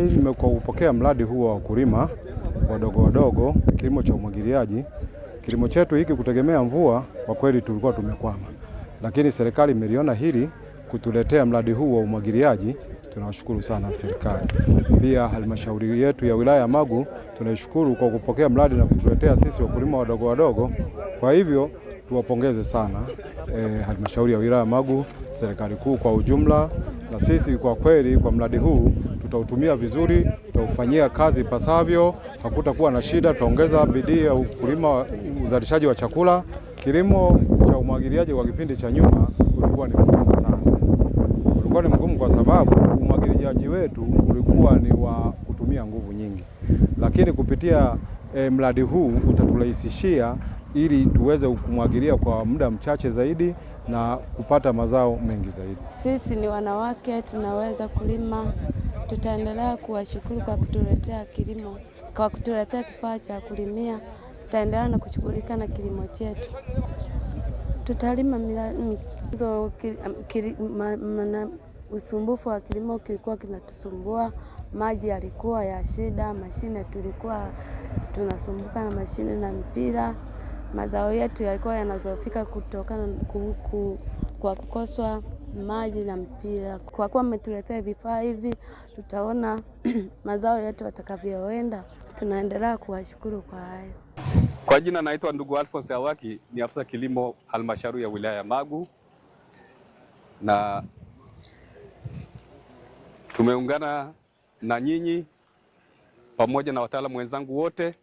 nimekuwa kupokea mradi huu wa wakulima wadogo wadogo, kilimo cha umwagiliaji. Kilimo chetu hiki kutegemea mvua, kwa kweli tulikuwa tumekwama, lakini serikali imeliona hili kutuletea mradi huu wa umwagiliaji. Tunawashukuru sana serikali, pia halmashauri yetu ya wilaya ya Magu tunaishukuru kwa kupokea mradi na kutuletea sisi wakulima wadogo wadogo. Kwa hivyo tuwapongeze sana e, halmashauri ya wilaya ya Magu, serikali kuu kwa ujumla, na sisi kwa kweli kwa mradi huu tutautumia vizuri, tutaufanyia kazi ipasavyo, hakutakuwa na shida. Tutaongeza bidii ya ukulima, uzalishaji wa chakula. Kilimo cha umwagiliaji kwa kipindi cha nyuma ulikuwa ni mgumu sana, ulikuwa ni mgumu kwa sababu umwagiliaji wetu ulikuwa ni wa kutumia nguvu nyingi, lakini kupitia e, mradi huu utaturahisishia ili tuweze kumwagilia kwa muda mchache zaidi na kupata mazao mengi zaidi. Sisi ni wanawake tunaweza kulima Tutaendelea kuwashukuru kwa kutuletea kilimo, kwa kutuletea kifaa cha kulimia. Tutaendelea na kushughulika na kilimo chetu, tutalima mizo. Usumbufu wa kilimo kilikuwa kinatusumbua, maji yalikuwa ya shida, mashine tulikuwa tunasumbuka na mashine na mpira. Mazao yetu yalikuwa yanazofika kutokana kwa kukoswa maji na mpira. Kwa kuwa mmetuletea vifaa hivi, tutaona mazao yetu watakavyoenda. Tunaendelea kuwashukuru kwa hayo. Kwa jina naitwa ndugu Alphonse Awaki, ni afisa kilimo halmashauri ya wilaya ya Magu, na tumeungana na nyinyi pamoja na wataalamu wenzangu wote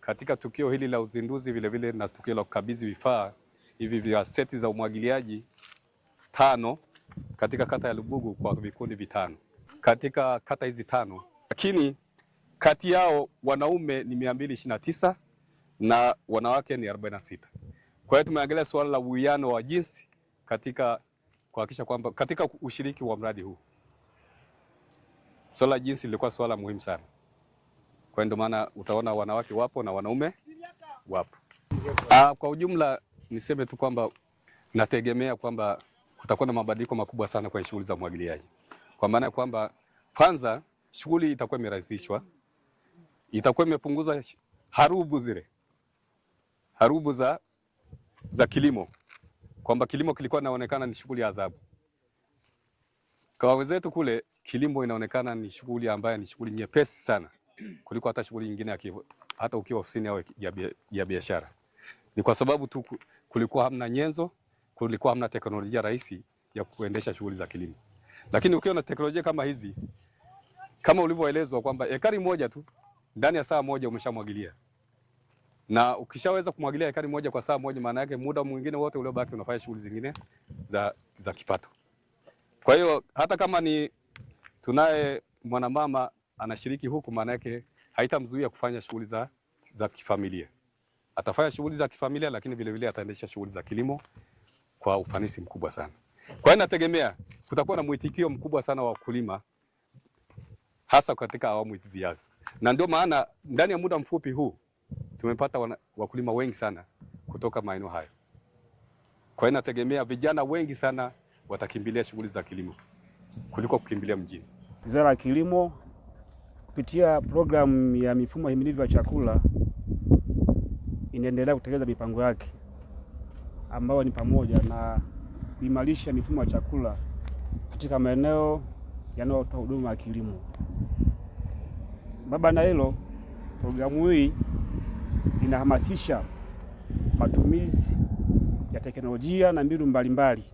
katika tukio hili la uzinduzi, vilevile na tukio la kukabidhi vifaa hivi vya seti za umwagiliaji tano katika kata ya Lubugu kwa vikundi vitano katika kata hizi tano, lakini kati yao wanaume ni mia mbili ishirini na tisa na wanawake ni 46. Kwa hiyo tumeangalia suala la uwiano wa jinsi katika kuhakikisha kwamba katika ushiriki wa mradi huu swala jinsi lilikuwa swala muhimu sana. Kwa ndio maana utaona wanawake wapo na wanaume wapo. Aa, ah, kwa ujumla niseme tu kwamba nategemea kwamba kutakuwa na mabadiliko makubwa sana kwenye shughuli za umwagiliaji, kwa maana ya kwamba kwanza shughuli itakuwa imerahisishwa, itakuwa imepunguza harubu zile harubu za, za kilimo, kwamba kilimo kilikuwa inaonekana ni shughuli ya adhabu. Kwa wenzetu kule kilimo inaonekana ni shughuli ambayo ni shughuli nyepesi sana kuliko hata shughuli nyingine, hata ukiwa ofisini au ya biashara. Ni kwa sababu tu kulikuwa hamna nyenzo kulikuwa hamna teknolojia rahisi ya kuendesha shughuli za kilimo. Lakini ukiwa na teknolojia kama hizi, kama ulivyoelezwa kwamba ekari moja tu ndani ya saa moja umeshamwagilia, na ukishaweza kumwagilia ekari moja kwa saa moja, maana yake muda mwingine wote uliobaki unafanya shughuli zingine za, za kipato. Kwa hiyo hata kama ni tunaye mwanamama anashiriki huku, maana yake haitamzuia kufanya shughuli za, za kifamilia. Atafanya shughuli za kifamilia, lakini vilevile ataendesha shughuli za kilimo kwa ufanisi mkubwa sana. Kwa hiyo nategemea kutakuwa na mwitikio mkubwa sana wa wakulima hasa katika awamu hizi zijazo, na ndio maana ndani ya muda mfupi huu tumepata wana, wakulima wengi sana kutoka maeneo hayo. Kwa hiyo nategemea vijana wengi sana watakimbilia shughuli za kilimo kuliko kukimbilia mjini. Wizara ya Kilimo kupitia programu ya mifumo himilivu ya chakula inaendelea kutekeleza mipango yake ambao ni pamoja na kuimarisha mifumo ya chakula katika maeneo yanayotoa huduma ya kilimo. Baba na hilo, programu hii inahamasisha matumizi ya teknolojia na mbinu mbalimbali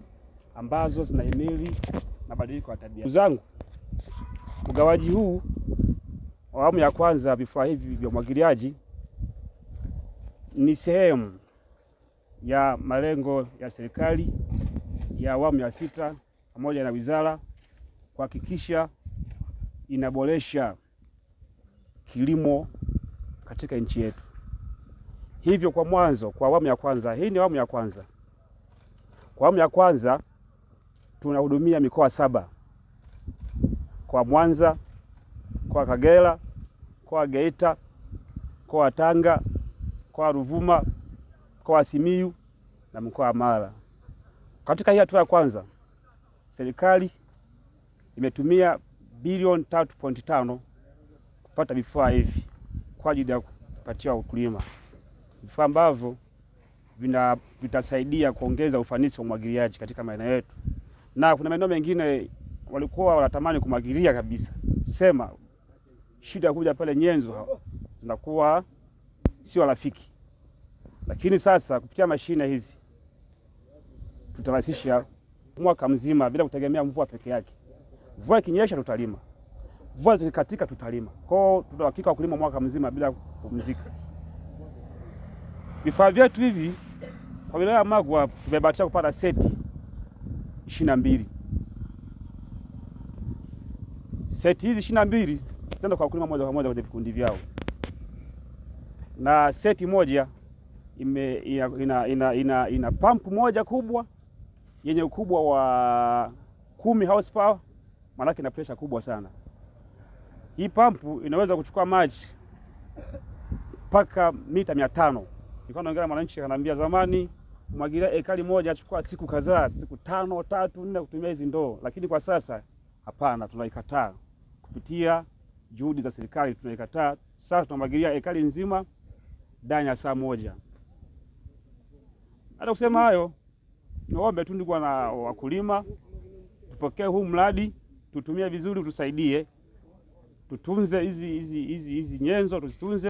ambazo zinahimili mabadiliko ya tabia zangu. Ugawaji huu awamu ya kwanza vifaa hivi vya umwagiliaji ni sehemu ya malengo ya serikali ya awamu ya sita pamoja na wizara kuhakikisha inaboresha kilimo katika nchi yetu. Hivyo kwa mwanzo, kwa awamu ya kwanza, hii ni awamu ya kwanza. Kwa awamu ya kwanza tunahudumia mikoa saba: kwa Mwanza, kwa Kagera, kwa Geita, kwa Tanga, kwa Ruvuma mkoa wa Simiyu na mkoa wa Mara. Katika hii hatua ya kwanza, serikali imetumia bilioni 3.5 kupata vifaa hivi kwa ajili ya kupatia wakulima, vifaa ambavyo vina vitasaidia kuongeza ufanisi wa umwagiliaji katika maeneo yetu, na kuna maeneo mengine walikuwa wanatamani kumwagilia kabisa, sema shida kuja pale nyenzo zinakuwa sio rafiki. Lakini sasa kupitia mashine hizi tutarahisisha mwaka mzima bila kutegemea mvua peke yake. Mvua ikinyesha tutalima, mvua zikikatika tutalima. Kwao tuna uhakika kulima mwaka mzima bila kupumzika. Vifaa vyetu hivi kwa wilaya ya Magwa tumebahatisha kupata seti ishirini na mbili. Seti hizi ishirini na mbili zitaenda kwa wakulima moja kwa moja kwenye vikundi vyao, na seti moja ime, ina, ina, ina, ina pump moja kubwa yenye ukubwa wa kumi horsepower, maanake ina pressure kubwa sana. Hii pump inaweza kuchukua maji mpaka mita mia tano. Nilikuwa naongea mwananchi ananiambia zamani mwagilia ekari moja achukua siku kadhaa, siku tano tatu nne kutumia hizi ndoo, lakini kwa sasa hapana, tunaikataa kupitia juhudi za serikali, tunaikataa sasa. Tunamwagilia ekari nzima ndani ya saa moja. Hata kusema hayo, naomba tu ndugu na wakulima, tupokee huu mradi, tutumie vizuri, tusaidie, tutunze hizi hizi hizi hizi nyenzo, tuzitunze.